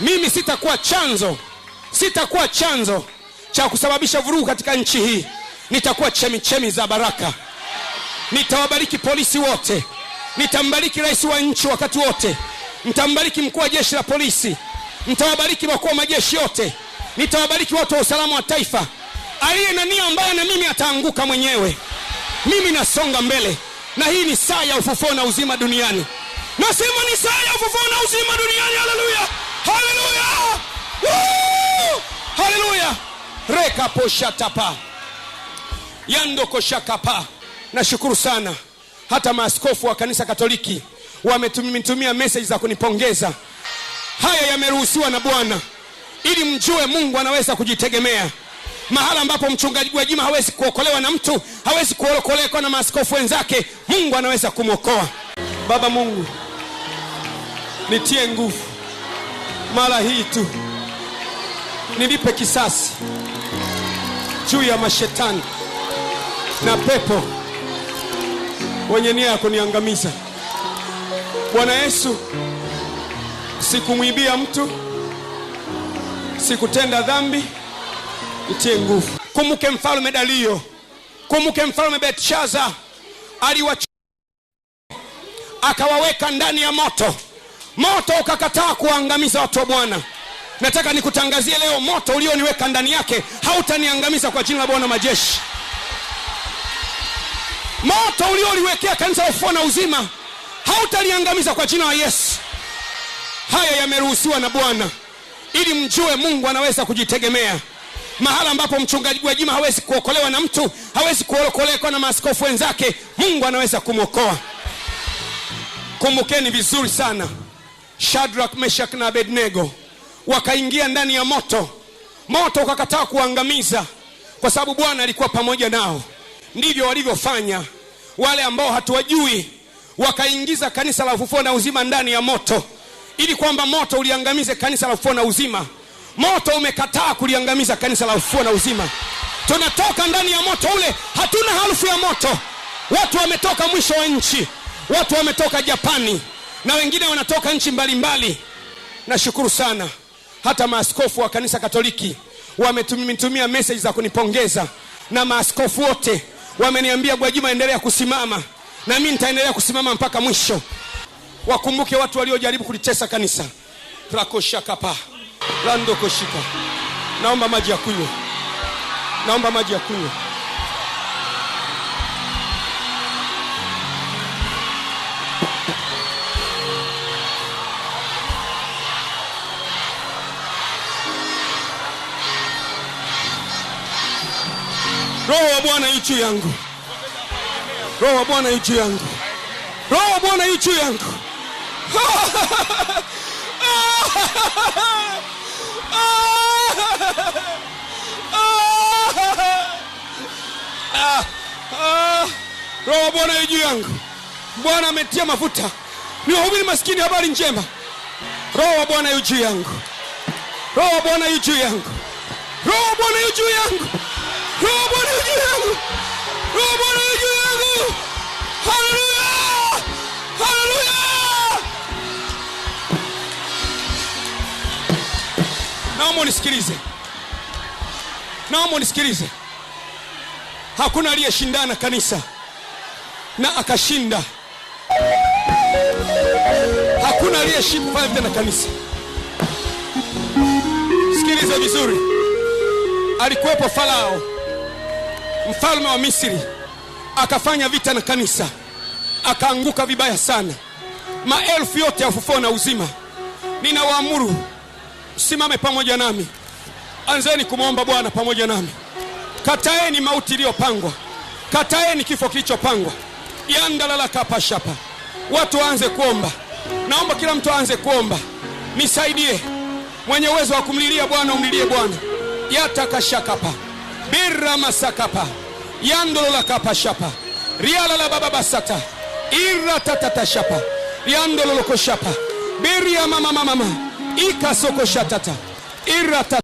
mimi sitakuwa chanzo sitakuwa chanzo cha kusababisha vurugu katika nchi hii nitakuwa chemichemi za baraka nitawabariki polisi wote nitambariki rais wa nchi wakati wote mtambariki mkuu wa jeshi la polisi mtawabariki wakuu wa majeshi yote nitawabariki watu wa usalama wa taifa aliye na nia mbaya na mimi ataanguka mwenyewe mimi nasonga mbele na hii ni saa ya ufufuo na uzima duniani nasema ni saa ya ufufuo na uzima duniani haleluya haleluya haleluya rekapushatapa yandokoshakapa nashukuru sana hata maaskofu wa kanisa katoliki wametumitumia meseji za kunipongeza haya yameruhusiwa na bwana ili mjue mungu anaweza kujitegemea mahala ambapo mchungaji gwajima hawezi kuokolewa na mtu hawezi kuokolewa na maaskofu wenzake mungu anaweza kumwokoa baba mungu nitie nguvu mara hii tu nilipe kisasi juu ya mashetani na pepo wenye nia ya kuniangamiza. Bwana Yesu, sikumwibia mtu, sikutenda dhambi, nitie nguvu. Kumbuke mfalme dalio kumbuke mfalme betshaza aliwa akawaweka ndani ya moto moto ukakataa kuwaangamiza watu wa bwana nataka nikutangazie leo moto ulioniweka ndani yake hautaniangamiza kwa jina la bwana majeshi moto ulioliwekea kanisa ufuo na uzima hautaliangamiza kwa jina la yesu haya yameruhusiwa na bwana ili mjue mungu anaweza kujitegemea mahala ambapo mchungaji gwajima hawezi kuokolewa na mtu hawezi kuokolewa na maaskofu wenzake mungu anaweza kumwokoa kumbukeni vizuri sana Shadrach, Meshach na Abednego wakaingia ndani ya moto, moto ukakataa kuangamiza kwa sababu Bwana alikuwa pamoja nao. Ndivyo walivyofanya wale ambao hatuwajui, wakaingiza kanisa la ufufuo na uzima ndani ya moto, ili kwamba moto uliangamize kanisa la ufufuo na uzima. Moto umekataa kuliangamiza kanisa la ufufuo na uzima. Tunatoka ndani ya moto ule, hatuna harufu ya moto. Watu wametoka mwisho wa nchi, watu wametoka Japani na wengine wanatoka nchi mbalimbali. Nashukuru sana hata maaskofu wa kanisa Katoliki wametumitumia meseji za kunipongeza, na maaskofu wote wameniambia, Gwajima, endelea kusimama, na mimi nitaendelea kusimama mpaka mwisho. Wakumbuke watu waliojaribu kulitesa kanisa lando koshika Naomba maji ya kunywa, naomba maji ya kunywa. Roho wa Bwana yu juu yangu, Roho wa Bwana yu juu yangu, Roho wa Bwana yu juu yangu. Roho wa Bwana yu juu yangu. Bwana ametia mafuta ni wahubiri maskini habari njema. Roho wa Bwana yu juu yangu, Roho wa Bwana yu juu yangu, Roho wa Bwana yu juu yangu. naomba unisikilize, naomba unisikilize. Hakuna aliyeshindana kanisa na akashinda, hakuna aliyeshindana na kanisa. Sikiliza vizuri, alikuwepo Farao mfalme wa Misri, akafanya vita na kanisa, akaanguka vibaya sana. Maelfu yote ya ufufuo na uzima, ninawaamuru simame pamoja nami, anzeni kumwomba Bwana pamoja nami. Kataeni mauti iliyopangwa, kataeni kifo kilichopangwa. yandalala kapashapa. Watu waanze kuomba, naomba kila mtu aanze kuomba. Nisaidie, mwenye uwezo wa kumlilia Bwana umlilie Bwana. yatakashakapa birra masakapa yandolola kapashapa rialala bababasata irra tatatashapa yandololokoshapa biria mamamamama mama ikasokoshatata iratata